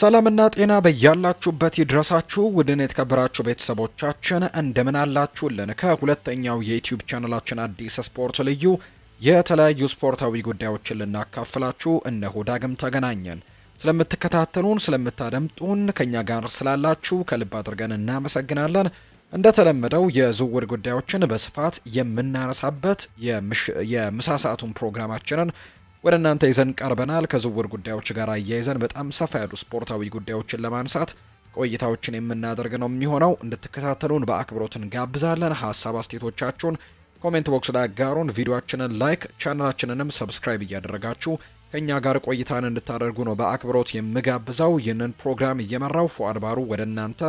ሰላምና ጤና በያላችሁበት ይድረሳችሁ። ውድን የተከበራችሁ ቤተሰቦቻችን እንደምን አላችሁልን? ከሁለተኛው የዩትዩብ ቻናላችን አዲስ ስፖርት ልዩ የተለያዩ ስፖርታዊ ጉዳዮችን ልናካፍላችሁ እነሆ ዳግም ተገናኘን። ስለምትከታተሉን፣ ስለምታደምጡን፣ ከእኛ ጋር ስላላችሁ ከልብ አድርገን እናመሰግናለን። እንደተለመደው የዝውውር ጉዳዮችን በስፋት የምናነሳበት የምሳ ሰዓቱን ፕሮግራማችንን ወደ እናንተ ይዘን ቀርበናል። ከዝውውር ጉዳዮች ጋር አያይዘን በጣም ሰፋ ያሉ ስፖርታዊ ጉዳዮችን ለማንሳት ቆይታዎችን የምናደርግ ነው የሚሆነው። እንድትከታተሉን በአክብሮት እንጋብዛለን። ሀሳብ አስቴቶቻችሁን ኮሜንት ቦክስ ላይ አጋሩን። ቪዲዮችንን ላይክ፣ ቻናላችንንም ሰብስክራይብ እያደረጋችሁ ከእኛ ጋር ቆይታን እንድታደርጉ ነው በአክብሮት የምጋብዘው። ይህንን ፕሮግራም እየመራው ፉአድ ባሩ ወደ እናንተ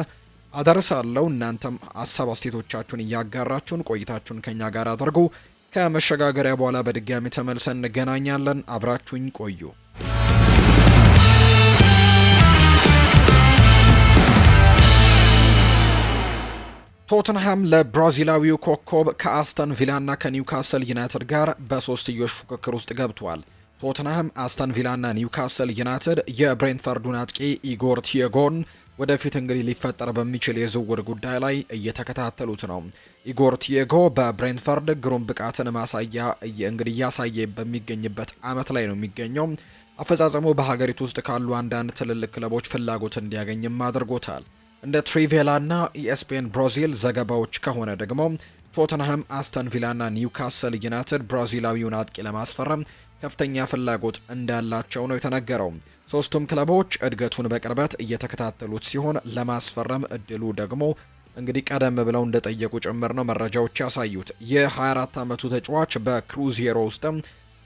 አደርሳለሁ። እናንተም ሀሳብ አስቴቶቻችሁን እያጋራችሁን ቆይታችሁን ከእኛ ጋር አድርጉ። ከመሸጋገሪያ በኋላ በድጋሚ ተመልሰን እንገናኛለን። አብራችሁኝ ቆዩ። ቶትንሃም ለብራዚላዊው ኮከብ ከአስተን ቪላና ከኒውካስል ዩናይትድ ጋር በሶስትዮሽ ፉክክር ውስጥ ገብቷል። ቶትንሃም፣ አስተን ቪላና ኒውካስል ዩናይትድ የብሬንትፈርዱን አጥቂ ኢጎር ቲየጎን ወደፊት እንግዲህ ሊፈጠር በሚችል የዝውውር ጉዳይ ላይ እየተከታተሉት ነው። ኢጎር ቲየጎ በብሬንፈርድ ግሩም ብቃትን ማሳያ እንግዲህ እያሳየ በሚገኝበት አመት ላይ ነው የሚገኘው። አፈጻጸሙ በሀገሪቱ ውስጥ ካሉ አንዳንድ ትልልቅ ክለቦች ፍላጎት እንዲያገኝም አድርጎታል። እንደ ትሪቬላ እና ኢኤስፒኤን ብራዚል ዘገባዎች ከሆነ ደግሞ ቶተንሃም፣ አስተን ቪላና ኒውካስል ዩናይትድ ብራዚላዊውን አጥቂ ለማስፈረም ከፍተኛ ፍላጎት እንዳላቸው ነው የተነገረው። ሶስቱም ክለቦች እድገቱን በቅርበት እየተከታተሉት ሲሆን ለማስፈረም እድሉ ደግሞ እንግዲህ ቀደም ብለው እንደጠየቁ ጭምር ነው መረጃዎች ያሳዩት። የ24 ዓመቱ ተጫዋች በክሩዜሮ ውስጥም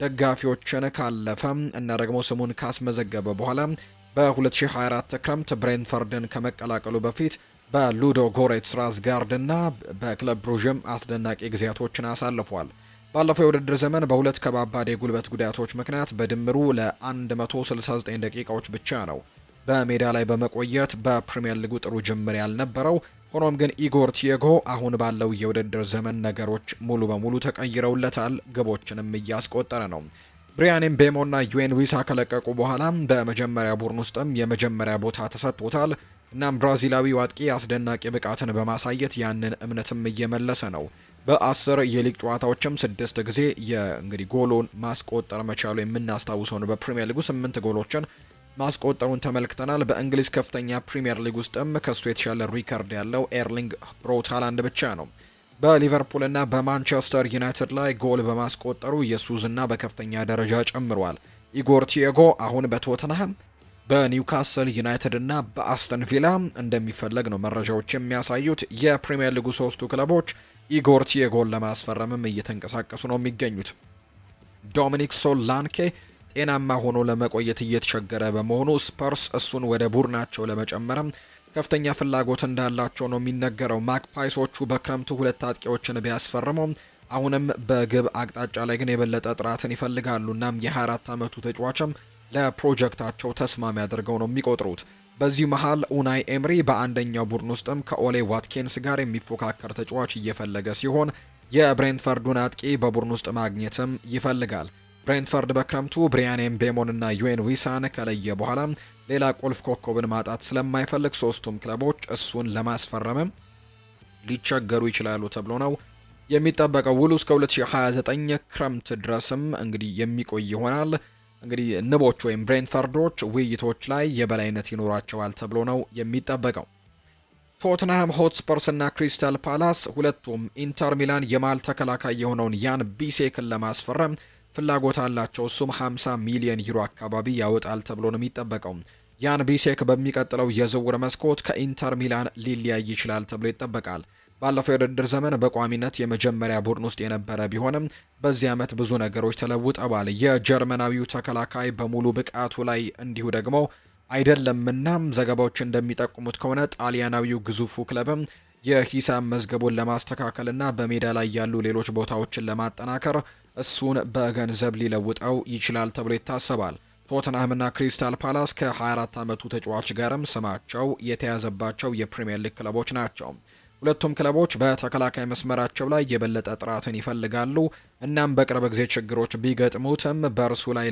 ደጋፊዎችን ካለፈ እና ደግሞ ስሙን ካስመዘገበ በኋላ በ2024 ክረምት ብሬንፈርድን ከመቀላቀሉ በፊት በሉዶ ጋርድ ራዝጋርድና በክለብ ብሩዥም አስደናቂ ጊዜያቶችን አሳልፏል። ባለፈው የውድድር ዘመን በሁለት ከባባድ የጉልበት ጉዳቶች ምክንያት በድምሩ ለ169 ደቂቃዎች ብቻ ነው በሜዳ ላይ በመቆየት በፕሪምየር ሊጉ ጥሩ ጅምር ያልነበረው። ሆኖም ግን ኢጎር ቲየጎ አሁን ባለው የውድድር ዘመን ነገሮች ሙሉ በሙሉ ተቀይረውለታል፣ ግቦችንም እያስቆጠረ ነው። ብሪያን ና ዩኤን ዊሳ ከለቀቁ በኋላ በመጀመሪያ ቡድን ውስጥም የመጀመሪያ ቦታ ተሰጥቶታል። እናም ብራዚላዊ ዋጥቂ አስደናቂ ብቃትን በማሳየት ያንን እምነትም እየመለሰ ነው። በአስር የሊግ ጨዋታዎችም ስድስት ጊዜ የእንግዲህ ጎሎን ማስቆጠር መቻሉ የምናስታውሰው ነው። በፕሪምየር ሊጉ ስምንት ጎሎችን ማስቆጠሩን ተመልክተናል። በእንግሊዝ ከፍተኛ ፕሪምየር ሊግ ውስጥም ከሱ የተሻለ ሪከርድ ያለው ኤርሊንግ ብሮት ሃላንድ ብቻ ነው። በሊቨርፑልና በማንቸስተር ዩናይትድ ላይ ጎል በማስቆጠሩ የሱ ዝና በከፍተኛ ደረጃ ጨምሯል። ኢጎር ቲየጎ አሁን በቶተንሃም በኒውካስል ዩናይትድ እና በአስተን ቪላ እንደሚፈለግ ነው መረጃዎች የሚያሳዩት። የፕሪምየር ሊጉ ሶስቱ ክለቦች ኢጎር ቲየጎን ለማስፈረምም እየተንቀሳቀሱ ነው የሚገኙት። ዶሚኒክ ሶላንኬ ጤናማ ሆኖ ለመቆየት እየተቸገረ በመሆኑ ስፐርስ እሱን ወደ ቡድናቸው ለመጨመርም ከፍተኛ ፍላጎት እንዳላቸው ነው የሚነገረው። ማክፓይሶቹ በክረምቱ ሁለት አጥቂዎችን ቢያስፈርሙም አሁንም በግብ አቅጣጫ ላይ ግን የበለጠ ጥራትን ይፈልጋሉ። እናም የ24 ዓመቱ ተጫዋችም ለፕሮጀክታቸው ተስማሚ አድርገው ነው የሚቆጥሩት። በዚህ መሃል ኡናይ ኤምሪ በአንደኛው ቡድን ውስጥም ከኦሌ ዋትኪንስ ጋር የሚፎካከር ተጫዋች እየፈለገ ሲሆን የብሬንትፈርዱን አጥቂ በቡድን ውስጥ ማግኘትም ይፈልጋል። ብሬንትፈርድ በክረምቱ ብሪያን ኤምቤሞን እና ዩኤን ዊሳን ከለየ በኋላ ሌላ ቁልፍ ኮከብን ማጣት ስለማይፈልግ ሶስቱም ክለቦች እሱን ለማስፈረምም ሊቸገሩ ይችላሉ ተብሎ ነው የሚጠበቀው። ውሉ እስከ 2029 ክረምት ድረስም እንግዲህ የሚቆይ ይሆናል። እንግዲህ ንቦች ወይም ብሬንፈርዶች ውይይቶች ላይ የበላይነት ይኖራቸዋል ተብሎ ነው የሚጠበቀው። ቶትንሃም ሆትስፐርስ እና ክሪስታል ፓላስ ሁለቱም ኢንተር ሚላን የማል ተከላካይ የሆነውን ያን ቢሴክን ለማስፈረም ፍላጎት አላቸው። እሱም 50 ሚሊዮን ዩሮ አካባቢ ያወጣል ተብሎ ነው የሚጠበቀው። ያን ቢሴክ በሚቀጥለው የዝውውር መስኮት ከኢንተር ሚላን ሊለያይ ይችላል ተብሎ ይጠበቃል። ባለፈው የውድድር ዘመን በቋሚነት የመጀመሪያ ቡድን ውስጥ የነበረ ቢሆንም በዚህ ዓመት ብዙ ነገሮች ተለውጠዋል። የጀርመናዊው ተከላካይ በሙሉ ብቃቱ ላይ እንዲሁ ደግሞ አይደለም። እናም ዘገባዎች እንደሚጠቁሙት ከሆነ ጣሊያናዊው ግዙፉ ክለብም የሂሳብ መዝገቡን እና በሜዳ ላይ ያሉ ሌሎች ቦታዎችን ለማጠናከር እሱን በገንዘብ ሊለውጠው ይችላል ተብሎ ይታሰባል። ቶትንሃምና ክሪስታል ፓላስ ከ24 ዓመቱ ተጫዋች ጋርም ስማቸው የተያዘባቸው የፕሪምየር ሊግ ክለቦች ናቸው። ሁለቱም ክለቦች በተከላካይ መስመራቸው ላይ የበለጠ ጥራትን ይፈልጋሉ። እናም በቅርብ ጊዜ ችግሮች ቢገጥሙትም በእርሱ ላይ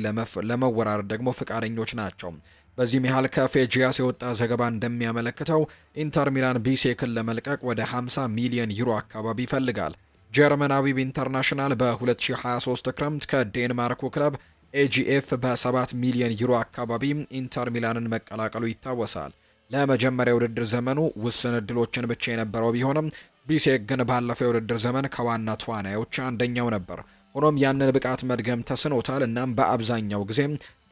ለመወራረድ ደግሞ ፍቃደኞች ናቸው። በዚህ ያህል ከፌጂያስ የወጣ ዘገባ እንደሚያመለክተው ኢንተር ሚላን ቢሴክን ለመልቀቅ ወደ 50 ሚሊዮን ዩሮ አካባቢ ይፈልጋል። ጀርመናዊው ኢንተርናሽናል በ2023 ክረምት ከዴንማርኩ ክለብ ኤጂኤፍ በ7 ሚሊዮን ዩሮ አካባቢ ኢንተር ሚላንን መቀላቀሉ ይታወሳል። ለመጀመሪያ ውድድር ዘመኑ ውስን እድሎችን ብቻ የነበረው ቢሆንም ቢሴክ ግን ባለፈው የውድድር ዘመን ከዋና ተዋናዮች አንደኛው ነበር። ሆኖም ያንን ብቃት መድገም ተስኖታል። እናም በአብዛኛው ጊዜ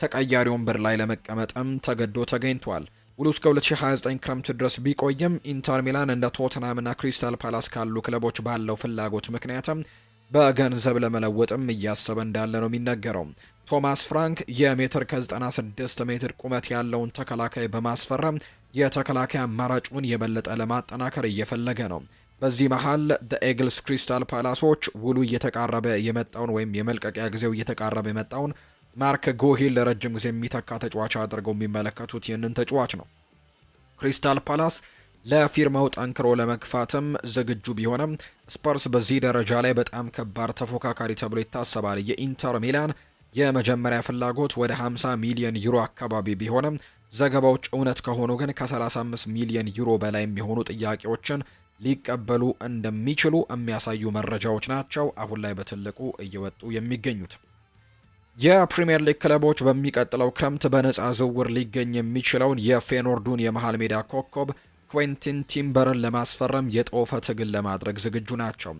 ተቀያሪ ወንበር ላይ ለመቀመጥም ተገዶ ተገኝቷል። ውሉ እስከ 2029 ክረምት ድረስ ቢቆይም ኢንተር ሚላን እንደ ቶትናም እና ክሪስታል ፓላስ ካሉ ክለቦች ባለው ፍላጎት ምክንያትም በገንዘብ ለመለወጥም እያሰበ እንዳለ ነው የሚነገረው። ቶማስ ፍራንክ የሜትር ከ96 ሜትር ቁመት ያለውን ተከላካይ በማስፈረም የተከላካይ አማራጩን የበለጠ ለማጠናከር እየፈለገ ነው። በዚህ መሀል ኤግልስ ክሪስታል ፓላሶች ውሉ እየተቃረበ የመጣውን ወይም የመልቀቂያ ጊዜው እየተቃረበ የመጣውን ማርክ ጎሂል ለረጅም ጊዜ የሚተካ ተጫዋች አድርገው የሚመለከቱት ይህንን ተጫዋች ነው። ክሪስታል ፓላስ ለፊርማው ጠንክሮ ለመግፋትም ዝግጁ ቢሆንም ስፐርስ በዚህ ደረጃ ላይ በጣም ከባድ ተፎካካሪ ተብሎ ይታሰባል። የኢንተር ሚላን የመጀመሪያ ፍላጎት ወደ 50 ሚሊዮን ዩሮ አካባቢ ቢሆንም ዘገባዎች እውነት ከሆኑ ግን ከ35 ሚሊዮን ዩሮ በላይ የሚሆኑ ጥያቄዎችን ሊቀበሉ እንደሚችሉ የሚያሳዩ መረጃዎች ናቸው አሁን ላይ በትልቁ እየወጡ የሚገኙት። የፕሪምየር ሊግ ክለቦች በሚቀጥለው ክረምት በነፃ ዝውውር ሊገኝ የሚችለውን የፌኖርዱን የመሃል ሜዳ ኮከብ ኩዌንቲን ቲምበርን ለማስፈረም የጦፈ ትግል ለማድረግ ዝግጁ ናቸው።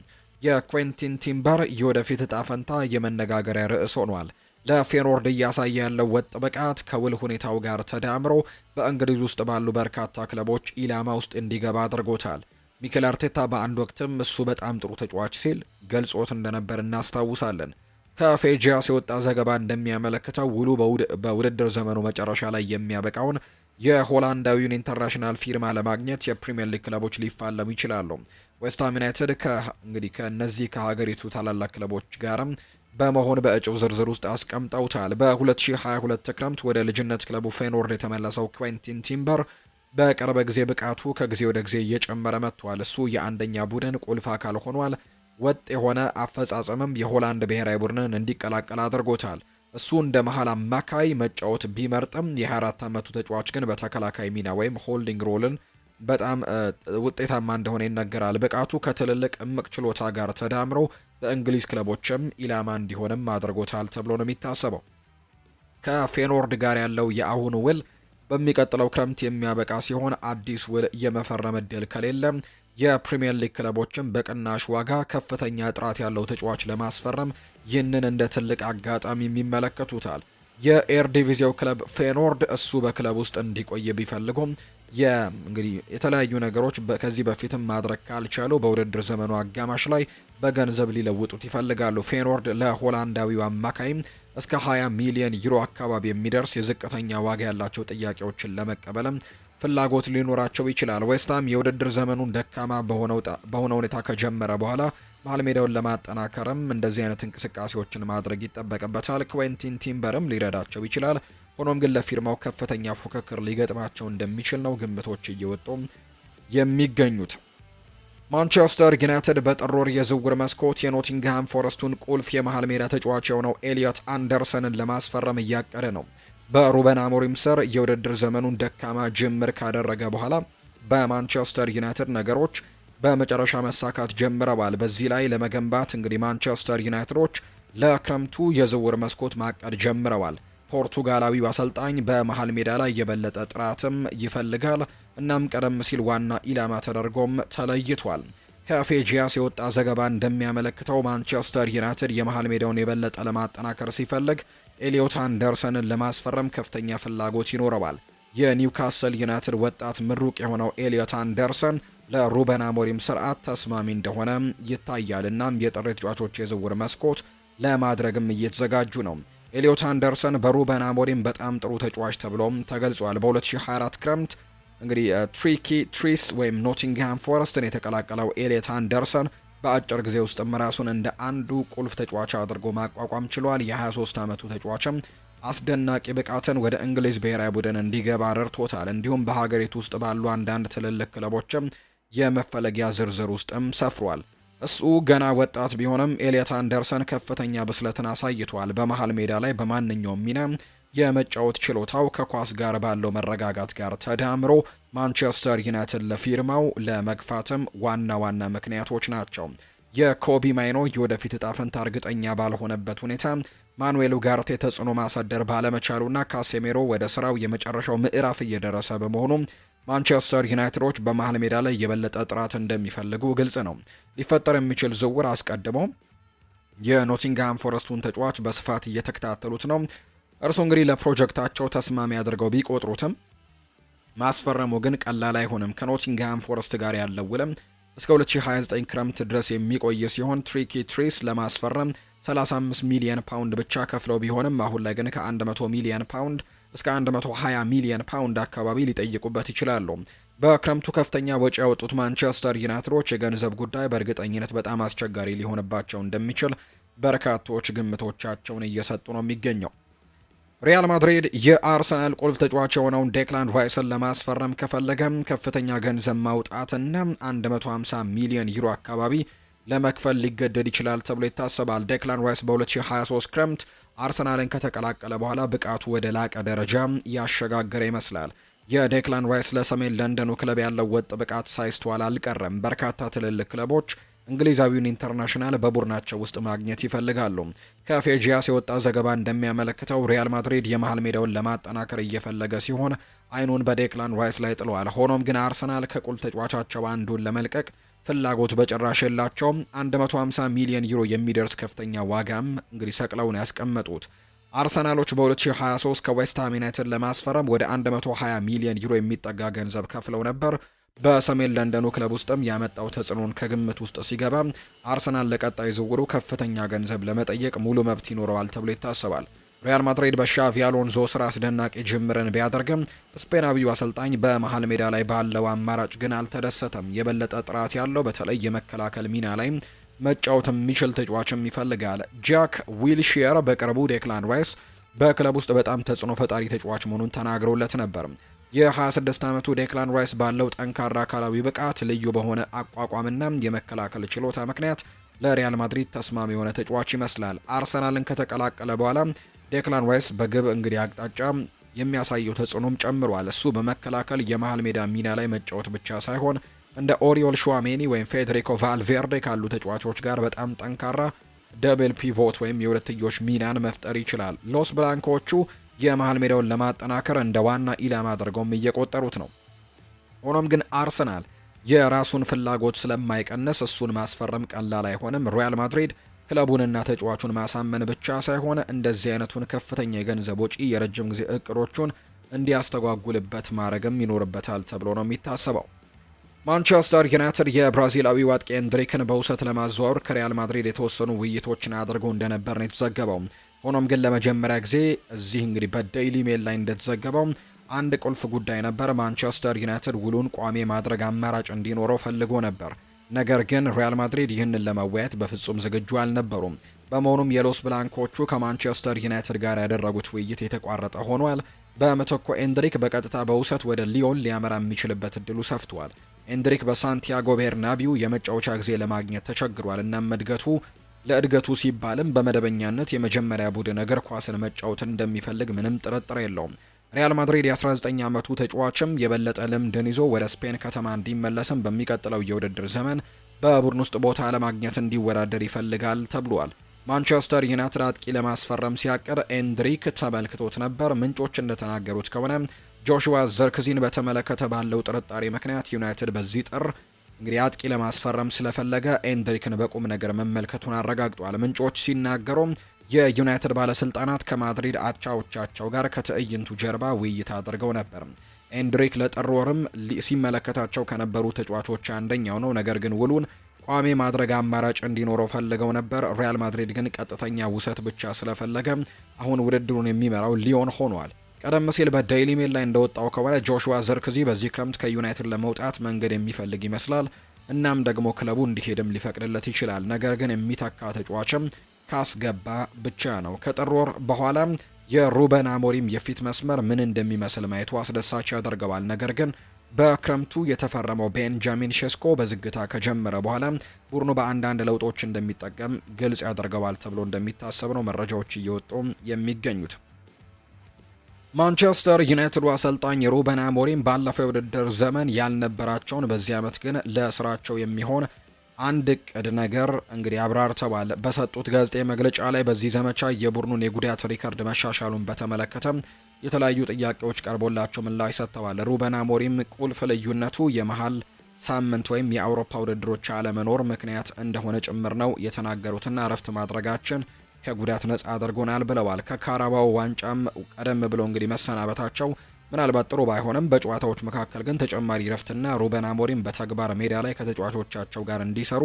የኩዌንቲን ቲምበር የወደፊት እጣ ፈንታ የመነጋገሪያ ርዕስ ሆኗል። ለፌኖርድ እያሳየ ያለው ወጥ ብቃት ከውል ሁኔታው ጋር ተዳምሮ በእንግሊዝ ውስጥ ባሉ በርካታ ክለቦች ኢላማ ውስጥ እንዲገባ አድርጎታል። ሚኬል አርቴታ በአንድ ወቅትም እሱ በጣም ጥሩ ተጫዋች ሲል ገልጾት እንደነበር እናስታውሳለን። ከፌጂያስ የወጣ ዘገባ እንደሚያመለክተው ውሉ በውድድር ዘመኑ መጨረሻ ላይ የሚያበቃውን የሆላንዳዊውን ኢንተርናሽናል ፊርማ ለማግኘት የፕሪምየር ሊግ ክለቦች ሊፋለሙ ይችላሉ። ዌስትሃም ዩናይትድ እንግዲህ ከእነዚህ ከሀገሪቱ ታላላቅ ክለቦች ጋርም በመሆን በእጩው ዝርዝር ውስጥ አስቀምጠውታል። በ2022 ክረምት ወደ ልጅነት ክለቡ ፌኖርድ የተመለሰው ኩዌንቲን ቲምበር በቅርብ ጊዜ ብቃቱ ከጊዜ ወደ ጊዜ እየጨመረ መጥቷል። እሱ የአንደኛ ቡድን ቁልፍ አካል ሆኗል። ወጥ የሆነ አፈጻጸምም የሆላንድ ብሔራዊ ቡድንን እንዲቀላቀል አድርጎታል። እሱ እንደ መሀል አማካይ መጫወት ቢመርጥም የ24 ዓመቱ ተጫዋች ግን በተከላካይ ሚና ወይም ሆልዲንግ ሮልን በጣም ውጤታማ እንደሆነ ይነገራል። ብቃቱ ከትልልቅ እምቅ ችሎታ ጋር ተዳምሮ በእንግሊዝ ክለቦችም ኢላማ እንዲሆንም አድርጎታል ተብሎ ነው የሚታሰበው። ከፌኖርድ ጋር ያለው የአሁኑ ውል በሚቀጥለው ክረምት የሚያበቃ ሲሆን አዲስ ውል የመፈረም እድል ከሌለም የፕሪምየር ሊግ ክለቦችን በቅናሽ ዋጋ ከፍተኛ ጥራት ያለው ተጫዋች ለማስፈረም ይህንን እንደ ትልቅ አጋጣሚ የሚመለከቱታል። ዲቪዚው ክለብ ፌኖርድ እሱ በክለብ ውስጥ እንዲቆይ ቢፈልጉም እንግዲህ የተለያዩ ነገሮች ከዚህ በፊትም ማድረግ ካልቻሉ በውድድር ዘመኑ አጋማሽ ላይ በገንዘብ ሊለውጡት ይፈልጋሉ። ፌኖርድ ለሆላንዳዊው አማካይም እስከ 20 ሚሊዮን ዩሮ አካባቢ የሚደርስ የዝቅተኛ ዋጋ ያላቸው ጥያቄዎችን ለመቀበልም ፍላጎት ሊኖራቸው ይችላል። ዌስትሃም የውድድር ዘመኑን ደካማ በሆነ ሁኔታ ከጀመረ በኋላ መሀል ሜዳውን ለማጠናከርም እንደዚህ አይነት እንቅስቃሴዎችን ማድረግ ይጠበቅበታል። ክዌንቲን ቲምበርም ሊረዳቸው ይችላል። ሆኖም ግን ለፊርማው ከፍተኛ ፉክክር ሊገጥማቸው እንደሚችል ነው ግምቶች እየወጡ የሚገኙት። ማንቸስተር ዩናይትድ በጥሮር የዝውውር መስኮት የኖቲንግሃም ፎረስቱን ቁልፍ የመሃል ሜዳ ተጫዋች የሆነው ኤሊዮት አንደርሰንን ለማስፈረም እያቀደ ነው። በሩበን አሞሪም ስር የውድድር ዘመኑን ደካማ ጅምር ካደረገ በኋላ በማንቸስተር ዩናይትድ ነገሮች በመጨረሻ መሳካት ጀምረዋል። በዚህ ላይ ለመገንባት እንግዲህ ማንቸስተር ዩናይትዶች ለክረምቱ የዝውውር መስኮት ማቀድ ጀምረዋል። ፖርቱጋላዊው አሰልጣኝ በመሀል ሜዳ ላይ የበለጠ ጥራትም ይፈልጋል። እናም ቀደም ሲል ዋና ኢላማ ተደርጎም ተለይቷል። ከፌጂያስ የወጣ ዘገባ እንደሚያመለክተው ማንቸስተር ዩናይትድ የመሀል ሜዳውን የበለጠ ለማጠናከር ሲፈልግ ኤሊዮት አንደርሰንን ለማስፈረም ከፍተኛ ፍላጎት ይኖረዋል። የኒውካስል ዩናይትድ ወጣት ምሩቅ የሆነው ኤሊዮት አንደርሰን ለሩበን አሞሪም ስርዓት ተስማሚ እንደሆነ ይታያል። እናም የጥር ተጫዋቾች የዝውውር መስኮት ለማድረግም እየተዘጋጁ ነው። ኤሊዮት አንደርሰን በሩበን አሞሪም በጣም ጥሩ ተጫዋች ተብሎም ተገልጿል። በ2024 ክረምት እንግዲህ ትሪኪ uh, ትሪስ ወይም ኖቲንግሃም ፎረስትን የተቀላቀለው ኤሊዮት አንደርሰን በአጭር ጊዜ ውስጥም ራሱን እንደ አንዱ ቁልፍ ተጫዋች አድርጎ ማቋቋም ችሏል። የ23 ዓመቱ ተጫዋችም አስደናቂ ብቃትን ወደ እንግሊዝ ብሔራዊ ቡድን እንዲገባ ረድቶታል። እንዲሁም በሀገሪቱ ውስጥ ባሉ አንዳንድ ትልልቅ ክለቦችም የመፈለጊያ ዝርዝር ውስጥም ሰፍሯል። እሱ ገና ወጣት ቢሆንም ኤሊየት አንደርሰን ከፍተኛ ብስለትን አሳይቷል። በመሃል ሜዳ ላይ በማንኛውም ሚና የመጫወት ችሎታው ከኳስ ጋር ባለው መረጋጋት ጋር ተዳምሮ ማንቸስተር ዩናይትድ ለፊርማው ለመግፋትም ዋና ዋና ምክንያቶች ናቸው። የኮቢ ማይኖ የወደፊት እጣ ፈንታ እርግጠኛ ባልሆነበት ሁኔታ ማኑኤል ኡጋርቴ ተጽዕኖ ማሳደር ባለመቻሉና ካሴሜሮ ወደ ስራው የመጨረሻው ምዕራፍ እየደረሰ በመሆኑ ማንቸስተር ዩናይትዶች በመሃል ሜዳ ላይ የበለጠ ጥራት እንደሚፈልጉ ግልጽ ነው። ሊፈጠር የሚችል ዝውውር አስቀድሞ የኖቲንግሃም ፎረስቱን ተጫዋች በስፋት እየተከታተሉት ነው። እርሱ እንግዲህ ለፕሮጀክታቸው ተስማሚ አድርገው ቢቆጥሩትም ማስፈረሙ ግን ቀላል አይሆንም። ከኖቲንግሃም ፎረስት ጋር ያለው ውልም እስከ 2029 ክረምት ድረስ የሚቆይ ሲሆን ትሪኪ ትሪስ ለማስፈረም 35 ሚሊየን ፓውንድ ብቻ ከፍለው ቢሆንም አሁን ላይ ግን ከ100 ሚሊየን ፓውንድ እስከ 120 ሚሊየን ፓውንድ አካባቢ ሊጠይቁበት ይችላሉ። በክረምቱ ከፍተኛ ወጪ ያወጡት ማንቸስተር ዩናይትዶች የገንዘብ ጉዳይ በእርግጠኝነት በጣም አስቸጋሪ ሊሆንባቸው እንደሚችል በርካቶች ግምቶቻቸውን እየሰጡ ነው የሚገኘው። ሪያል ማድሪድ የአርሰናል ቁልፍ ተጫዋች የሆነውን ዴክላንድ ዋይስን ለማስፈረም ከፈለገ ከፍተኛ ገንዘብ ማውጣትና 150 ሚሊዮን ዩሮ አካባቢ ለመክፈል ሊገደድ ይችላል ተብሎ ይታሰባል። ዴክላንድ ዋይስ በ2023 ክረምት አርሰናልን ከተቀላቀለ በኋላ ብቃቱ ወደ ላቀ ደረጃ ያሸጋገረ ይመስላል። የዴክላንድ ዋይስ ለሰሜን ለንደኑ ክለብ ያለው ወጥ ብቃት ሳይስተዋል አልቀረም። በርካታ ትልልቅ ክለቦች እንግሊዛዊውን ኢንተርናሽናል በቡድናቸው ውስጥ ማግኘት ይፈልጋሉ። ከፌጂያስ የወጣ ዘገባ እንደሚያመለክተው ሪያል ማድሪድ የመሃል ሜዳውን ለማጠናከር እየፈለገ ሲሆን አይኑን በዴክላን ራይስ ላይ ጥለዋል። ሆኖም ግን አርሰናል ከቁል ተጫዋቻቸው አንዱን ለመልቀቅ ፍላጎት በጭራሽ የላቸውም። 150 ሚሊዮን ዩሮ የሚደርስ ከፍተኛ ዋጋም እንግዲህ ሰቅለውን ያስቀመጡት አርሰናሎች በ2023 ከዌስትሃም ዩናይትድ ለማስፈረም ወደ 120 ሚሊዮን ዩሮ የሚጠጋ ገንዘብ ከፍለው ነበር። በሰሜን ለንደኑ ክለብ ውስጥም ያመጣው ተጽዕኖን ከግምት ውስጥ ሲገባ አርሰናል ለቀጣይ ዝውውሩ ከፍተኛ ገንዘብ ለመጠየቅ ሙሉ መብት ይኖረዋል ተብሎ ይታሰባል። ሪያል ማድሪድ በሻቪ አሎንዞ ስራ አስደናቂ ጅምርን ቢያደርግም ስፔናዊው አሰልጣኝ በመሃል ሜዳ ላይ ባለው አማራጭ ግን አልተደሰተም። የበለጠ ጥራት ያለው በተለይ የመከላከል ሚና ላይ መጫወት የሚችል ተጫዋችም ይፈልጋል። ጃክ ዊልሺየር በቅርቡ ዴክላን ራይስ በክለብ ውስጥ በጣም ተጽዕኖ ፈጣሪ ተጫዋች መሆኑን ተናግሮለት ነበር። የ26 ዓመቱ ዴክላን ራይስ ባለው ጠንካራ አካላዊ ብቃት ልዩ በሆነ አቋቋምና የመከላከል ችሎታ ምክንያት ለሪያል ማድሪድ ተስማሚ የሆነ ተጫዋች ይመስላል። አርሰናልን ከተቀላቀለ በኋላ ዴክላን ራይስ በግብ እንግዲህ አቅጣጫ የሚያሳየው ተጽዕኖም ጨምሯል። እሱ በመከላከል የመሃል ሜዳ ሚና ላይ መጫወት ብቻ ሳይሆን እንደ ኦሪዮል ሹዋሜኒ ወይም ፌዴሪኮ ቫልቬርዴ ካሉ ተጫዋቾች ጋር በጣም ጠንካራ ደብል ፒቮት ወይም የሁለትዮሽ ሚናን መፍጠር ይችላል። ሎስ ብላንኮቹ የመሃል ሜዳውን ለማጠናከር እንደ ዋና ኢላማ አድርገውም እየቆጠሩት ነው። ሆኖም ግን አርሰናል የራሱን ፍላጎት ስለማይቀንስ እሱን ማስፈረም ቀላል አይሆንም። ሪያል ማድሪድ ክለቡንና ተጫዋቹን ማሳመን ብቻ ሳይሆን እንደዚህ አይነቱን ከፍተኛ የገንዘብ ወጪ የረጅም ጊዜ እቅዶቹን እንዲያስተጓጉልበት ማድረግም ይኖርበታል ተብሎ ነው የሚታሰበው። ማንቸስተር ዩናይትድ የብራዚላዊ ዋጥቂ ኤንድሪክን በውሰት ለማዘዋወር ከሪያል ማድሪድ የተወሰኑ ውይይቶችን አድርጎ እንደነበር ነው የተዘገበው። ሆኖም ግን ለመጀመሪያ ጊዜ እዚህ እንግዲህ በዴይሊ ሜል ላይ እንደተዘገበው አንድ ቁልፍ ጉዳይ ነበር። ማንቸስተር ዩናይትድ ውሉን ቋሚ ማድረግ አማራጭ እንዲኖረው ፈልጎ ነበር። ነገር ግን ሪያል ማድሪድ ይህንን ለመወያየት በፍጹም ዝግጁ አልነበሩም። በመሆኑም የሎስ ብላንኮቹ ከማንቸስተር ዩናይትድ ጋር ያደረጉት ውይይት የተቋረጠ ሆኗል። በምትኩ ኤንድሪክ በቀጥታ በውሰት ወደ ሊዮን ሊያመራ የሚችልበት እድሉ ሰፍቷል። ኤንድሪክ በሳንቲያጎ ቤርናቢው የመጫወቻ ጊዜ ለማግኘት ተቸግሯል። እናም እድገቱ ለእድገቱ ሲባልም በመደበኛነት የመጀመሪያ ቡድን እግር ኳስን መጫወትን እንደሚፈልግ ምንም ጥርጥር የለውም። ሪያል ማድሪድ የ19 ዓመቱ ተጫዋችም የበለጠ ልምድን ይዞ ወደ ስፔን ከተማ እንዲመለስም በሚቀጥለው የውድድር ዘመን በቡድን ውስጥ ቦታ ለማግኘት እንዲወዳደር ይፈልጋል ተብሏል። ማንቸስተር ዩናይትድ አጥቂ ለማስፈረም ሲያቅር ኤንድሪክ ተመልክቶት ነበር። ምንጮች እንደተናገሩት ከሆነ ጆሹዋ ዘርክዚን በተመለከተ ባለው ጥርጣሬ ምክንያት ዩናይትድ በዚህ ጥር እንግዲህ አጥቂ ለማስፈረም ስለፈለገ ኤንድሪክን በቁም ነገር መመልከቱን አረጋግጧል። ምንጮች ሲናገሩም የዩናይትድ ባለስልጣናት ከማድሪድ አቻዎቻቸው ጋር ከትዕይንቱ ጀርባ ውይይት አድርገው ነበር። ኤንድሪክ ለጥር ወርም ሲመለከታቸው ከነበሩ ተጫዋቾች አንደኛው ነው። ነገር ግን ውሉን ቋሚ ማድረግ አማራጭ እንዲኖረው ፈልገው ነበር። ሪያል ማድሪድ ግን ቀጥተኛ ውሰት ብቻ ስለፈለገ አሁን ውድድሩን የሚመራው ሊዮን ሆኗል። ቀደም ሲል በዴይሊ ሜል ላይ እንደወጣው ከሆነ ጆሹዋ ዘርክዚ በዚህ ክረምት ከዩናይትድ ለመውጣት መንገድ የሚፈልግ ይመስላል። እናም ደግሞ ክለቡ እንዲሄድም ሊፈቅድለት ይችላል። ነገር ግን የሚተካ ተጫዋችም ካስገባ ብቻ ነው። ከጥር ወር በኋላ የሩበን አሞሪም የፊት መስመር ምን እንደሚመስል ማየቱ አስደሳች ያደርገዋል። ነገር ግን በክረምቱ የተፈረመው ቤንጃሚን ሼስኮ በዝግታ ከጀመረ በኋላ ቡድኑ በአንዳንድ ለውጦች እንደሚጠቀም ግልጽ ያደርገዋል ተብሎ እንደሚታሰብ ነው መረጃዎች እየወጡ የሚገኙት። ማንቸስተር ዩናይትዱ አሰልጣኝ ሩበን አሞሪም ባለፈው የውድድር ዘመን ያልነበራቸውን በዚህ ዓመት ግን ለስራቸው የሚሆን አንድ እቅድ ነገር እንግዲህ አብራርተዋል። በሰጡት ጋዜጣዊ መግለጫ ላይ በዚህ ዘመቻ የቡድኑን የጉዳት ሪከርድ መሻሻሉን በተመለከተ የተለያዩ ጥያቄዎች ቀርቦላቸው ምላሽ ሰጥተዋል። ሩበን አሞሪም ቁልፍ ልዩነቱ የመሃል ሳምንት ወይም የአውሮፓ ውድድሮች አለመኖር ምክንያት እንደሆነ ጭምር ነው የተናገሩትና እረፍት ማድረጋችን ከጉዳት ነጻ አድርጎናል ብለዋል። ከካራባው ዋንጫም ቀደም ብሎ እንግዲህ መሰናበታቸው ምናልባት ጥሩ ባይሆንም በጨዋታዎች መካከል ግን ተጨማሪ ረፍትና ሩበን አሞሪም በተግባር ሜዳ ላይ ከተጫዋቾቻቸው ጋር እንዲሰሩ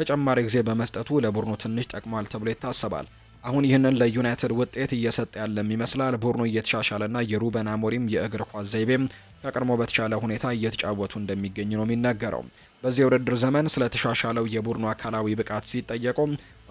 ተጨማሪ ጊዜ በመስጠቱ ለቡድኑ ትንሽ ጠቅሟል ተብሎ ይታሰባል። አሁን ይህንን ለዩናይትድ ውጤት እየሰጠ ያለም ይመስላል። ቡድኑ እየተሻሻለና የሩበን አሞሪም የእግር ኳስ ዘይቤም ከቀድሞ በተሻለ ሁኔታ እየተጫወቱ እንደሚገኝ ነው የሚነገረው። በዚህ የውድድር ዘመን ስለተሻሻለው የቡድኑ አካላዊ ብቃት ሲጠየቁ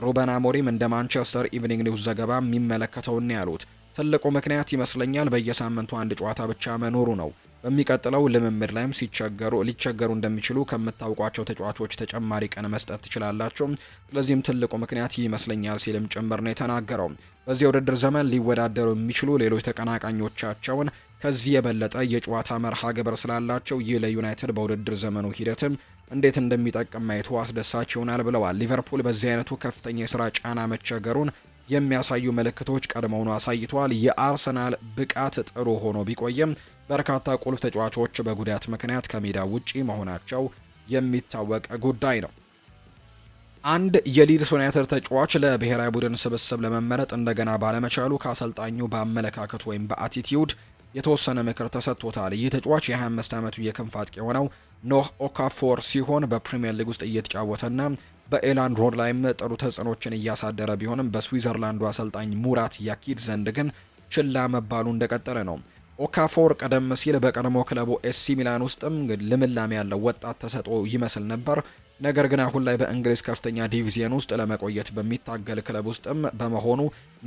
ሩበን አሞሪም እንደ ማንቸስተር ኢቭኒንግ ኒውስ ዘገባ የሚመለከተውን ያሉት ትልቁ ምክንያት ይመስለኛል በየሳምንቱ አንድ ጨዋታ ብቻ መኖሩ ነው። በሚቀጥለው ልምምድ ላይም ሲቸገሩ ሊቸገሩ እንደሚችሉ ከምታውቋቸው ተጫዋቾች ተጨማሪ ቀን መስጠት ትችላላቸው። ስለዚህም ትልቁ ምክንያት ይመስለኛል ሲልም ጭምር ነው የተናገረው። በዚህ የውድድር ዘመን ሊወዳደሩ የሚችሉ ሌሎች ተቀናቃኞቻቸውን ከዚህ የበለጠ የጨዋታ መርሃ ግብር ስላላቸው ይህ ለዩናይትድ በውድድር ዘመኑ ሂደትም እንዴት እንደሚጠቅም ማየቱ አስደሳች ይሆናል ብለዋል። ሊቨርፑል በዚህ አይነቱ ከፍተኛ የስራ ጫና መቸገሩን የሚያሳዩ ምልክቶች ቀድመውኑ አሳይተዋል። የአርሰናል ብቃት ጥሩ ሆኖ ቢቆይም በርካታ ቁልፍ ተጫዋቾች በጉዳት ምክንያት ከሜዳ ውጪ መሆናቸው የሚታወቅ ጉዳይ ነው። አንድ የሊድስ ዩናይትድ ተጫዋች ለብሔራዊ ቡድን ስብስብ ለመመረጥ እንደገና ባለመቻሉ ከአሰልጣኙ በአመለካከት ወይም በአቲቲዩድ የተወሰነ ምክር ተሰጥቶታል። ይህ ተጫዋች የ25 ዓመቱ የክንፍ አጥቂ የሆነው ኖህ ኦካፎር ሲሆን በፕሪምየር ሊግ ውስጥ እየተጫወተና በኤላንድ ሮድ ላይም ጥሩ ተጽዕኖችን እያሳደረ ቢሆንም በስዊዘርላንዱ አሰልጣኝ ሙራት ያኪድ ዘንድ ግን ችላ መባሉ እንደቀጠለ ነው። ኦካፎር ቀደም ሲል በቀድሞ ክለቡ ኤሲ ሚላን ውስጥም ልምላሜ ያለው ወጣት ተሰጥኦ ይመስል ነበር። ነገር ግን አሁን ላይ በእንግሊዝ ከፍተኛ ዲቪዚየን ውስጥ ለመቆየት በሚታገል ክለብ ውስጥም በመሆኑ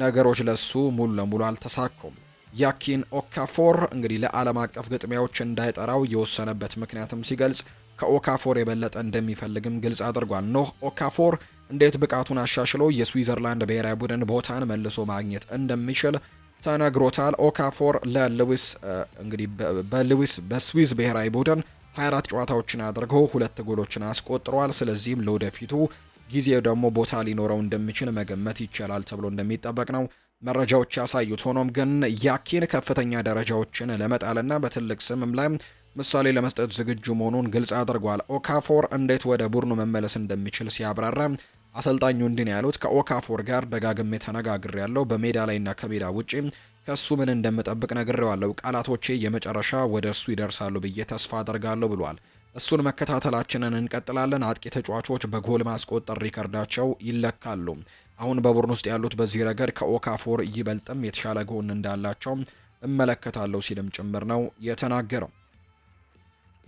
ነገሮች ለሱ ሙሉ ለሙሉ አልተሳኩም። ያኪን ኦካፎር እንግዲህ ለዓለም አቀፍ ግጥሚያዎች እንዳይጠራው የወሰነበት ምክንያትም ሲገልጽ ከኦካፎር የበለጠ እንደሚፈልግም ግልጽ አድርጓል። ኖህ ኦካፎር እንዴት ብቃቱን አሻሽሎ የስዊዘርላንድ ብሔራዊ ቡድን ቦታን መልሶ ማግኘት እንደሚችል ተነግሮታል። ኦካፎር ለልዊስ እንግዲህ በልዊስ በስዊዝ ብሔራዊ ቡድን 24 ጨዋታዎችን አድርጎ ሁለት ጎሎችን አስቆጥሯል። ስለዚህም ለወደፊቱ ጊዜው ደግሞ ቦታ ሊኖረው እንደሚችል መገመት ይቻላል ተብሎ እንደሚጠበቅ ነው መረጃዎች ያሳዩት። ሆኖም ግን ያኪን ከፍተኛ ደረጃዎችን ለመጣልና በትልቅ ስምም ላይ ምሳሌ ለመስጠት ዝግጁ መሆኑን ግልጽ አድርጓል። ኦካፎር እንዴት ወደ ቡድኑ መመለስ እንደሚችል ሲያብራራ አሰልጣኙ እንዲህ ያሉት። ከኦካፎር ጋር ደጋግሜ ተነጋግሬ ያለው በሜዳ ላይና ከሜዳ ውጪ ከሱ ምን እንደምጠብቅ ነግሬዋለሁ። ቃላቶቼ የመጨረሻ ወደ እሱ ይደርሳሉ ብዬ ተስፋ አደርጋለሁ ብሏል። እሱን መከታተላችንን እንቀጥላለን። አጥቂ ተጫዋቾች በጎል ማስቆጠር ሪከርዳቸው ይለካሉ። አሁን በቡድን ውስጥ ያሉት በዚህ ረገድ ከኦካፎር ይበልጥም የተሻለ ጎን እንዳላቸው እመለከታለሁ ሲልም ጭምር ነው የተናገረው።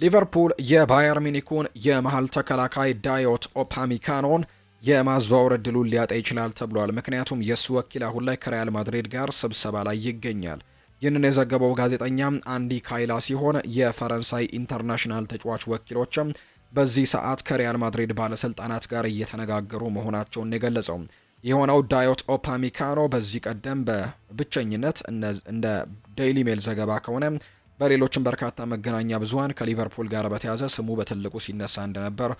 ሊቨርፑል የባየር ሚኒኩን የመሃል ተከላካይ ዳዮት ኦፓሚካኖን የማዘዋወር እድሉን ሊያጣ ይችላል ተብሏል። ምክንያቱም የእሱ ወኪል አሁን ላይ ከሪያል ማድሪድ ጋር ስብሰባ ላይ ይገኛል። ይህንን የዘገበው ጋዜጠኛ አንዲ ካይላ ሲሆን የፈረንሳይ ኢንተርናሽናል ተጫዋች ወኪሎችም በዚህ ሰዓት ከሪያል ማድሪድ ባለስልጣናት ጋር እየተነጋገሩ መሆናቸውን የገለጸው የሆነው ዳዮት ኦፓሚካኖ በዚህ ቀደም በብቸኝነት እንደ ዴይሊ ሜል ዘገባ ከሆነ በሌሎችም በርካታ መገናኛ ብዙሃን ከሊቨርፑል ጋር በተያዘ ስሙ በትልቁ ሲነሳ እንደነበር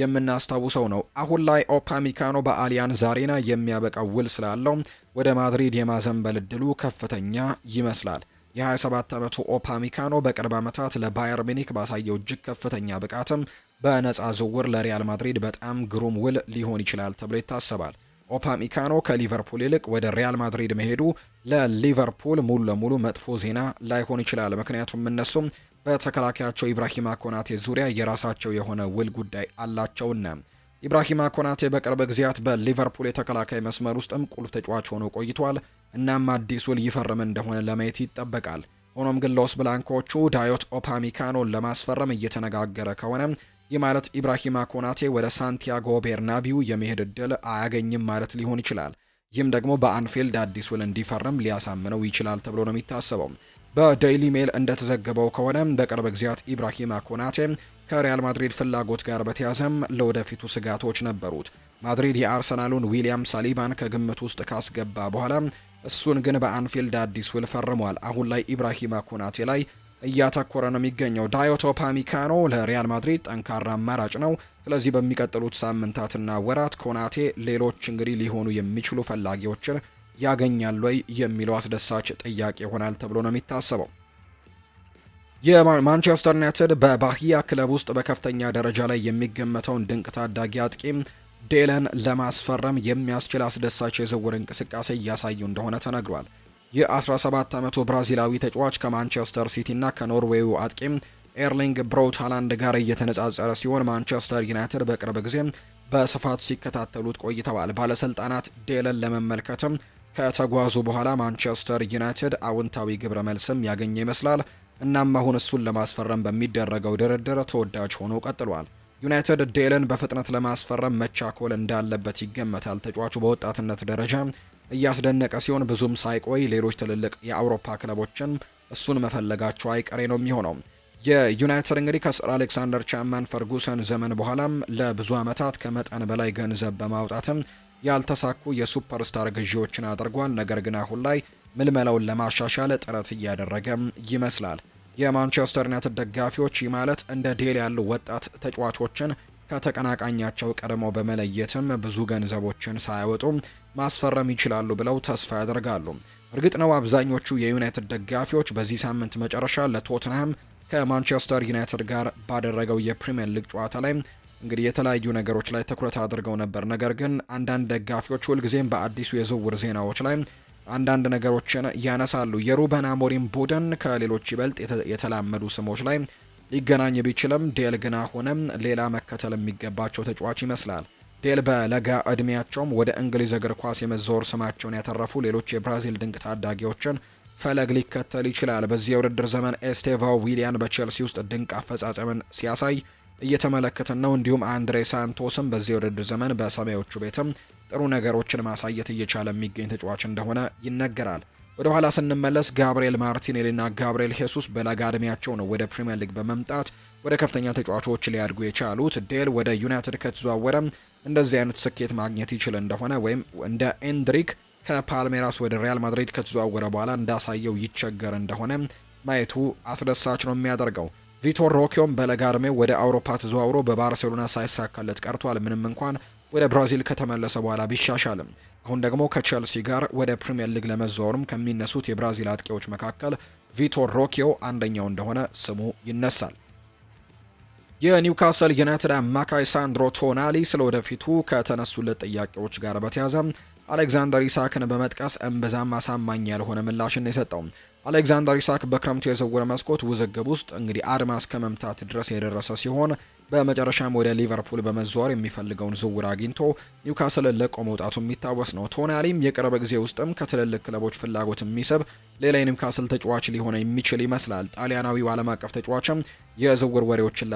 የምናስታውሰው ነው። አሁን ላይ ኦፓሚካኖ በአሊያንዝ አሬና የሚያበቃ ውል ስላለው ወደ ማድሪድ የማዘንበል እድሉ ከፍተኛ ይመስላል። የ27 ዓመቱ ኦፓሚካኖ በቅርብ ዓመታት ለባየር ሚኒክ ባሳየው እጅግ ከፍተኛ ብቃትም በነፃ ዝውውር ለሪያል ማድሪድ በጣም ግሩም ውል ሊሆን ይችላል ተብሎ ይታሰባል። ኦፓሚካኖ ከሊቨርፑል ይልቅ ወደ ሪያል ማድሪድ መሄዱ ለሊቨርፑል ሙሉ ለሙሉ መጥፎ ዜና ላይሆን ይችላል። ምክንያቱም እነሱም በተከላካያቸው ኢብራሂማ ኮናቴ ዙሪያ የራሳቸው የሆነ ውል ጉዳይ አላቸውና። ኢብራሂማ ኮናቴ በቅርብ ጊዜያት በሊቨርፑል የተከላካይ መስመር ውስጥም ቁልፍ ተጫዋች ሆኖ ቆይቷል። እናም አዲስ ውል ይፈርም እንደሆነ ለማየት ይጠበቃል። ሆኖም ግን ሎስ ብላንኮቹ ዳዮት ኦፓሚካኖን ለማስፈረም እየተነጋገረ ከሆነ ይህ ማለት ኢብራሂማ ኮናቴ ወደ ሳንቲያጎ ቤርናቢው የመሄድ እድል አያገኝም ማለት ሊሆን ይችላል። ይህም ደግሞ በአንፊልድ አዲስ ውል እንዲፈርም ሊያሳምነው ይችላል ተብሎ ነው የሚታሰበው። በዴይሊ ሜል እንደተዘገበው ከሆነ በቅርብ ጊዜያት ኢብራሂማ ኮናቴ ከሪያል ማድሪድ ፍላጎት ጋር በተያዘም ለወደፊቱ ስጋቶች ነበሩት። ማድሪድ የአርሰናሉን ዊሊያም ሳሊባን ከግምት ውስጥ ካስገባ በኋላ እሱን ግን በአንፊልድ አዲስ ውል ፈርሟል። አሁን ላይ ኢብራሂማ ኮናቴ ላይ እያተኮረ ነው የሚገኘው። ዳዮቶ ፓሚካኖ ለሪያል ማድሪድ ጠንካራ አማራጭ ነው። ስለዚህ በሚቀጥሉት ሳምንታትና ወራት ኮናቴ ሌሎች እንግዲህ ሊሆኑ የሚችሉ ፈላጊዎችን ያገኛል ወይ የሚለው አስደሳች ጥያቄ ይሆናል ተብሎ ነው የሚታሰበው። የማንቸስተር ዩናይትድ በባህያ ክለብ ውስጥ በከፍተኛ ደረጃ ላይ የሚገመተውን ድንቅ ታዳጊ አጥቂም ዴለን ለማስፈረም የሚያስችል አስደሳች የዝውውር እንቅስቃሴ እያሳዩ እንደሆነ ተነግሯል። የ17 ዓመቱ ብራዚላዊ ተጫዋች ከማንቸስተር ሲቲ እና ከኖርዌዩ አጥቂም ኤርሊንግ ብሮት ሃላንድ ጋር እየተነጻጸረ ሲሆን ማንቸስተር ዩናይትድ በቅርብ ጊዜ በስፋት ሲከታተሉት ቆይተዋል። ባለስልጣናት ዴለን ለመመልከትም ከተጓዙ በኋላ ማንቸስተር ዩናይትድ አውንታዊ ግብረ መልስም ያገኘ ይመስላል። እናም አሁን እሱን ለማስፈረም በሚደረገው ድርድር ተወዳጅ ሆኖ ቀጥሏል። ዩናይትድ ዴልን በፍጥነት ለማስፈረም መቻኮል እንዳለበት ይገመታል። ተጫዋቹ በወጣትነት ደረጃ እያስደነቀ ሲሆን ብዙም ሳይቆይ ሌሎች ትልልቅ የአውሮፓ ክለቦችን እሱን መፈለጋቸው አይቀሬ ነው የሚሆነው። የዩናይትድ እንግዲህ ከሰር አሌክሳንደር ቻማን ፈርጉሰን ዘመን በኋላም ለብዙ ዓመታት ከመጠን በላይ ገንዘብ በማውጣትም ያልተሳኩ የሱፐርስታር ግዢዎችን አድርጓል። ነገር ግን አሁን ላይ ምልመላውን ለማሻሻል ጥረት እያደረገም ይመስላል። የማንቸስተር ዩናይትድ ደጋፊዎች ይህ ማለት እንደ ዴል ያሉ ወጣት ተጫዋቾችን ከተቀናቃኛቸው ቀድመው በመለየትም ብዙ ገንዘቦችን ሳያወጡ ማስፈረም ይችላሉ ብለው ተስፋ ያደርጋሉ። እርግጥ ነው አብዛኞቹ የዩናይትድ ደጋፊዎች በዚህ ሳምንት መጨረሻ ለቶትንሃም ከማንቸስተር ዩናይትድ ጋር ባደረገው የፕሪምየር ሊግ ጨዋታ ላይ እንግዲህ የተለያዩ ነገሮች ላይ ትኩረት አድርገው ነበር። ነገር ግን አንዳንድ ደጋፊዎች ሁልጊዜም በአዲሱ የዝውውር ዜናዎች ላይ አንዳንድ ነገሮችን ያነሳሉ። የሩበን አሞሪም ቡድን ከሌሎች ይበልጥ የተላመዱ ስሞች ላይ ሊገናኝ ቢችልም ዴል ግና ሆነም ሌላ መከተል የሚገባቸው ተጫዋች ይመስላል። ዴል በለጋ እድሜያቸውም ወደ እንግሊዝ እግር ኳስ የመዘወር ስማቸውን ያተረፉ ሌሎች የብራዚል ድንቅ ታዳጊዎችን ፈለግ ሊከተል ይችላል። በዚህ የውድድር ዘመን ኤስቴቫ ዊሊያን በቼልሲ ውስጥ ድንቅ አፈጻጸምን ሲያሳይ እየተመለከትን ነው። እንዲሁም አንድሬ ሳንቶስም በዚህ የውድድር ዘመን በሰማዮቹ ቤትም ጥሩ ነገሮችን ማሳየት እየቻለ የሚገኝ ተጫዋች እንደሆነ ይነገራል። ወደ ኋላ ስንመለስ ጋብርኤል ማርቲኔሊና ጋብርኤል ሄሱስ በለጋ ነው ወደ ፕሪምየር ሊግ በመምጣት ወደ ከፍተኛ ተጫዋቾች ሊያድጉ የቻሉት። ዴል ወደ ዩናይትድ ከተዘዋወረም እንደዚህ አይነት ስኬት ማግኘት ይችል እንደሆነ ወይም እንደ ኤንድሪክ ከፓልሜራስ ወደ ሪያል ማድሪድ ከተዘዋወረ በኋላ እንዳሳየው ይቸገር እንደሆነ ማየቱ አስደሳች ነው የሚያደርገው። ቪቶር ሮኪዮም በለጋ ወደ አውሮፓ ተዘዋውሮ በባርሴሎና ሳይሳካለት ቀርቷል። ምንም እንኳን ወደ ብራዚል ከተመለሰ በኋላ ቢሻሻልም አሁን ደግሞ ከቸልሲ ጋር ወደ ፕሪምየር ሊግ ለመዛወርም ከሚነሱት የብራዚል አጥቂዎች መካከል ቪቶር ሮኪዮ አንደኛው እንደሆነ ስሙ ይነሳል። የኒውካስል ዩናይትድ አማካይ ሳንድሮ ቶናሊ ስለ ወደፊቱ ከተነሱለት ጥያቄዎች ጋር በተያያዘ አሌክዛንደር ኢሳክን በመጥቀስ እምብዛም አሳማኝ ያልሆነ ምላሽን የሰጠው አሌክዛንደር ኢሳክ በክረምቱ የዝውውር መስኮት ውዝግብ ውስጥ እንግዲህ አድማ ከመምታት ድረስ የደረሰ ሲሆን በመጨረሻም ወደ ሊቨርፑል በመዘዋወር የሚፈልገውን ዝውውር አግኝቶ ኒውካስልን ለቆ መውጣቱ የሚታወስ ነው። ቶናሊም የቅርብ ጊዜ ውስጥም ከትልልቅ ክለቦች ፍላጎት የሚስብ ሌላ የኒውካስል ተጫዋች ሊሆነ የሚችል ይመስላል። ጣሊያናዊው ዓለም አቀፍ ተጫዋችም የዝውውር ወሬዎችን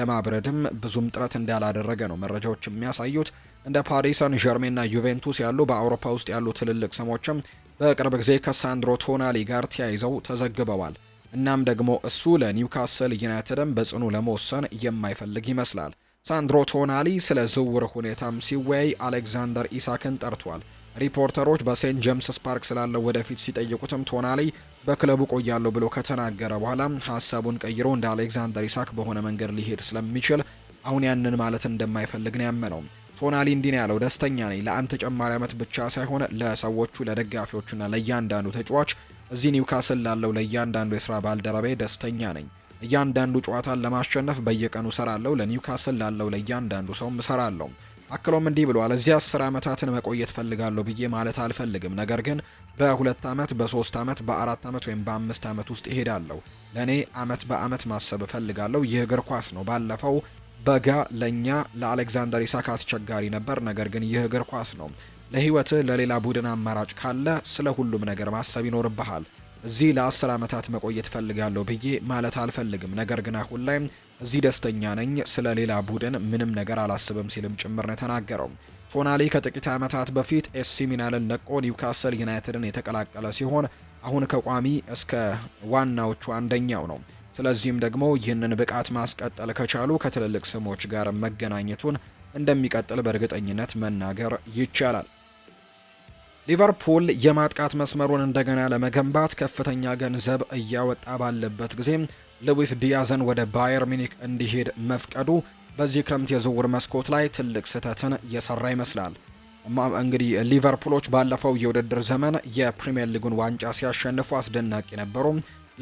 ለማብረድም ብዙም ጥረት እንዳላደረገ ነው መረጃዎች የሚያሳዩት። እንደ ፓሪሰን ዠርሜና ዩቬንቱስ ያሉ በአውሮፓ ውስጥ ያሉ ትልልቅ ስሞችም በቅርብ ጊዜ ከሳንድሮ ቶናሊ ጋር ተያይዘው ተዘግበዋል። እናም ደግሞ እሱ ለኒውካስል ዩናይትድም በጽኑ ለመወሰን የማይፈልግ ይመስላል። ሳንድሮ ቶናሊ ስለ ዝውውር ሁኔታም ሲወያይ አሌክዛንደር ኢሳክን ጠርቷል። ሪፖርተሮች በሴንት ጄምስስ ፓርክ ስላለው ወደፊት ሲጠይቁትም ቶናሊ በክለቡ ቆያለሁ ብሎ ከተናገረ በኋላ ሀሳቡን ቀይሮ እንደ አሌክዛንደር ኢሳክ በሆነ መንገድ ሊሄድ ስለሚችል አሁን ያንን ማለት እንደማይፈልግ ነው ያመነው። ፎናሊ እንዲህ ነው ያለው፣ ደስተኛ ነኝ። ለአንድ ተጨማሪ ዓመት ብቻ ሳይሆን ለሰዎቹ ለደጋፊዎቹና ለእያንዳንዱ ተጫዋች እዚህ ኒውካስል ላለው ለእያንዳንዱ የስራ ባልደረባዬ ደስተኛ ነኝ። እያንዳንዱ ጨዋታን ለማሸነፍ በየቀኑ ሰራለው። ለኒውካስል ላለው ለእያንዳንዱ ሰውም ሰራለው አክሎም እንዲህ ብሏል። እዚህ አስር ዓመታትን መቆየት ፈልጋለሁ ብዬ ማለት አልፈልግም። ነገር ግን በሁለት ዓመት፣ በሶስት ዓመት፣ በአራት ዓመት ወይም በአምስት ዓመት ውስጥ ይሄዳለሁ። ለእኔ ዓመት በዓመት ማሰብ እፈልጋለሁ። ይህ እግር ኳስ ነው። ባለፈው በጋ ለእኛ ለአሌክዛንደር ኢሳክ አስቸጋሪ ነበር። ነገር ግን ይህ እግር ኳስ ነው። ለህይወትህ ለሌላ ቡድን አማራጭ ካለ ስለ ሁሉም ነገር ማሰብ ይኖርብሃል። እዚህ ለአስር ዓመታት መቆየት ፈልጋለሁ ብዬ ማለት አልፈልግም፣ ነገር ግን አሁን ላይ እዚህ ደስተኛ ነኝ፣ ስለ ሌላ ቡድን ምንም ነገር አላስብም ሲልም ጭምር ነው የተናገረው። ቶናሊ ከጥቂት ዓመታት በፊት ኤሲ ሚላንን ለቆ ኒውካስል ዩናይትድን የተቀላቀለ ሲሆን አሁን ከቋሚ እስከ ዋናዎቹ አንደኛው ነው። ስለዚህም ደግሞ ይህንን ብቃት ማስቀጠል ከቻሉ ከትልልቅ ስሞች ጋር መገናኘቱን እንደሚቀጥል በእርግጠኝነት መናገር ይቻላል። ሊቨርፑል የማጥቃት መስመሩን እንደገና ለመገንባት ከፍተኛ ገንዘብ እያወጣ ባለበት ጊዜ ሉዊስ ዲያዘን ወደ ባየር ሚኒክ እንዲሄድ መፍቀዱ በዚህ ክረምት የዝውውር መስኮት ላይ ትልቅ ስህተትን እየሰራ ይመስላል። እንግዲህ ሊቨርፑሎች ባለፈው የውድድር ዘመን የፕሪምየር ሊጉን ዋንጫ ሲያሸንፉ አስደናቂ ነበሩ።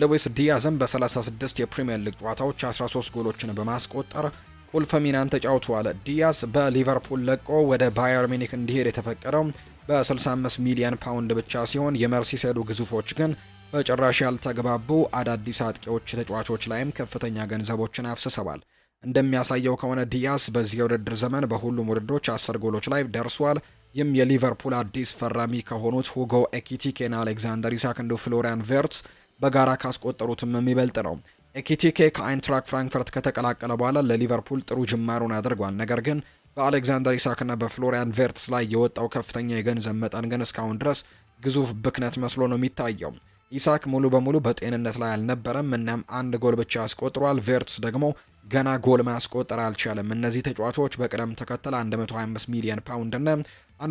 ሉዊስ ዲያዝም በ36 የፕሪምየር ሊግ ጨዋታዎች 13 ጎሎችን በማስቆጠር ቁልፍ ሚናን ተጫውተዋል። ዲያስ በሊቨርፑል ለቆ ወደ ባየር ሚኒክ እንዲሄድ የተፈቀደው በ65 ሚሊዮን ፓውንድ ብቻ ሲሆን የመርሲሰዱ ግዙፎች ግን በጭራሽ ያልተግባቡ አዳዲስ አጥቂዎች ተጫዋቾች ላይም ከፍተኛ ገንዘቦችን አፍስሰዋል። እንደሚያሳየው ከሆነ ዲያስ በዚህ የውድድር ዘመን በሁሉም ውድድሮች አስር ጎሎች ላይ ደርሷል። ይህም የሊቨርፑል አዲስ ፈራሚ ከሆኑት ሁጎ ኤኪቲኬና አሌክዛንደር ኢሳክ እንዲሁ ፍሎሪያን ቬርትስ በጋራ ካስቆጠሩትም የሚበልጥ ነው። ኤኪቲኬ ከአይንትራክ ፍራንክፈርት ከተቀላቀለ በኋላ ለሊቨርፑል ጥሩ ጅማሩን አድርጓል። ነገር ግን በአሌክዛንደር ኢሳክና በፍሎሪያን ቬርትስ ላይ የወጣው ከፍተኛ የገንዘብ መጠን ግን እስካሁን ድረስ ግዙፍ ብክነት መስሎ ነው የሚታየው። ኢሳክ ሙሉ በሙሉ በጤንነት ላይ አልነበረም፣ እናም አንድ ጎል ብቻ አስቆጥሯል። ቬርትስ ደግሞ ገና ጎል ማስቆጠር አልቻለም። እነዚህ ተጫዋቾች በቅደም ተከተል 125 ሚሊዮን ፓውንድ እና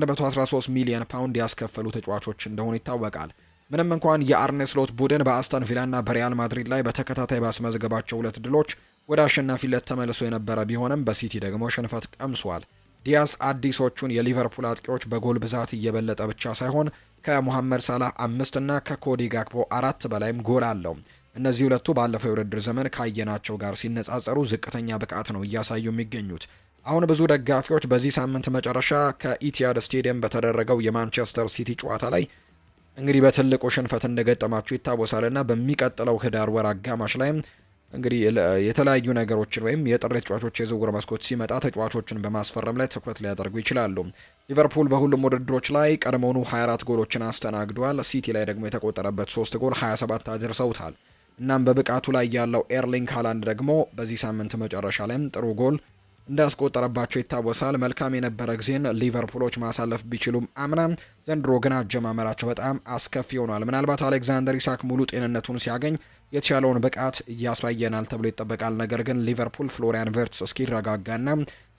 113 ሚሊዮን ፓውንድ ያስከፈሉ ተጫዋቾች እንደሆኑ ይታወቃል። ምንም እንኳን የአርኔ ስሎት ቡድን በአስተን ቪላና በሪያል ማድሪድ ላይ በተከታታይ ባስመዘገባቸው ሁለት ድሎች ወደ አሸናፊነት ተመልሶ የነበረ ቢሆንም በሲቲ ደግሞ ሽንፈት ቀምሷል። ዲያስ አዲሶቹን የሊቨርፑል አጥቂዎች በጎል ብዛት እየበለጠ ብቻ ሳይሆን ከሙሐመድ ሳላህ አምስት እና ከኮዲ ጋክቦ አራት በላይም ጎል አለው። እነዚህ ሁለቱ ባለፈው የውድድር ዘመን ካየናቸው ጋር ሲነጻጸሩ ዝቅተኛ ብቃት ነው እያሳዩ የሚገኙት። አሁን ብዙ ደጋፊዎች በዚህ ሳምንት መጨረሻ ከኢቲያድ ስቴዲየም በተደረገው የማንቸስተር ሲቲ ጨዋታ ላይ እንግዲህ በትልቁ ሽንፈት እንደገጠማቸው ይታወሳልና በሚቀጥለው ህዳር ወር አጋማሽ ላይ እንግዲህ የተለያዩ ነገሮችን ወይም የጥር ተጫዋቾች የዝውውር መስኮት ሲመጣ ተጫዋቾችን በማስፈረም ላይ ትኩረት ሊያደርጉ ይችላሉ። ሊቨርፑል በሁሉም ውድድሮች ላይ ቀድሞውኑ 24 ጎሎችን አስተናግዷል። ሲቲ ላይ ደግሞ የተቆጠረበት ሶስት ጎል 27 አድርሰውታል። እናም በብቃቱ ላይ ያለው ኤርሊንግ ሃላንድ ደግሞ በዚህ ሳምንት መጨረሻ ላይም ጥሩ ጎል እንዳስቆጠረባቸው ይታወሳል። መልካም የነበረ ጊዜን ሊቨርፑሎች ማሳለፍ ቢችሉም አምና ዘንድሮ ግን አጀማመራቸው በጣም አስከፊ ሆኗል። ምናልባት አሌክዛንደር ኢሳክ ሙሉ ጤንነቱን ሲያገኝ የተሻለውን ብቃት እያሳየናል ተብሎ ይጠበቃል። ነገር ግን ሊቨርፑል ፍሎሪያን ቨርትስ እስኪረጋጋና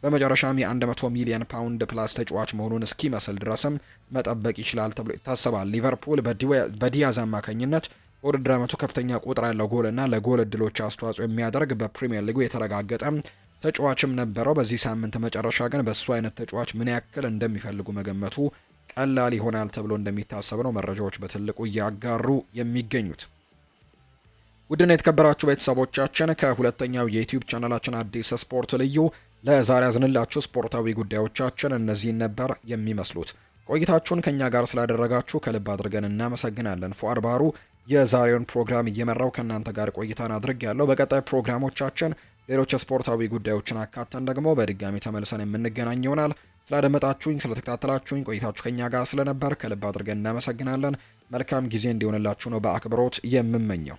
በመጨረሻም የ100 ሚሊዮን ፓውንድ ፕላስ ተጫዋች መሆኑን እስኪመስል ድረስም መጠበቅ ይችላል ተብሎ ይታሰባል። ሊቨርፑል በዲያዝ አማካኝነት በውድድር ከፍተኛ ቁጥር ያለው ጎልና ለጎል እድሎች አስተዋጽኦ የሚያደርግ በፕሪምየር ሊጉ የተረጋገጠ ተጫዋችም ነበረው። በዚህ ሳምንት መጨረሻ ግን በእሱ አይነት ተጫዋች ምን ያክል እንደሚፈልጉ መገመቱ ቀላል ይሆናል ተብሎ እንደሚታሰብ ነው መረጃዎች በትልቁ እያጋሩ የሚገኙት። ውድና የተከበራችሁ ቤተሰቦቻችን ከሁለተኛው የዩትዩብ ቻናላችን አዲስ ስፖርት ልዩ ለዛሬ ያዝንላችሁ ስፖርታዊ ጉዳዮቻችን እነዚህን ነበር የሚመስሉት። ቆይታችሁን ከእኛ ጋር ስላደረጋችሁ ከልብ አድርገን እናመሰግናለን። ፉአድ ባሩ የዛሬውን ፕሮግራም እየመራው ከእናንተ ጋር ቆይታን አድርግ ያለው በቀጣይ ፕሮግራሞቻችን ሌሎች ስፖርታዊ ጉዳዮችን አካተን ደግሞ በድጋሚ ተመልሰን የምንገናኝ ይሆናል። ስላደመጣችሁኝ፣ ስለተከታተላችሁኝ ቆይታችሁ ከኛ ጋር ስለነበር ከልብ አድርገን እናመሰግናለን። መልካም ጊዜ እንዲሆንላችሁ ነው በአክብሮት የምመኘው።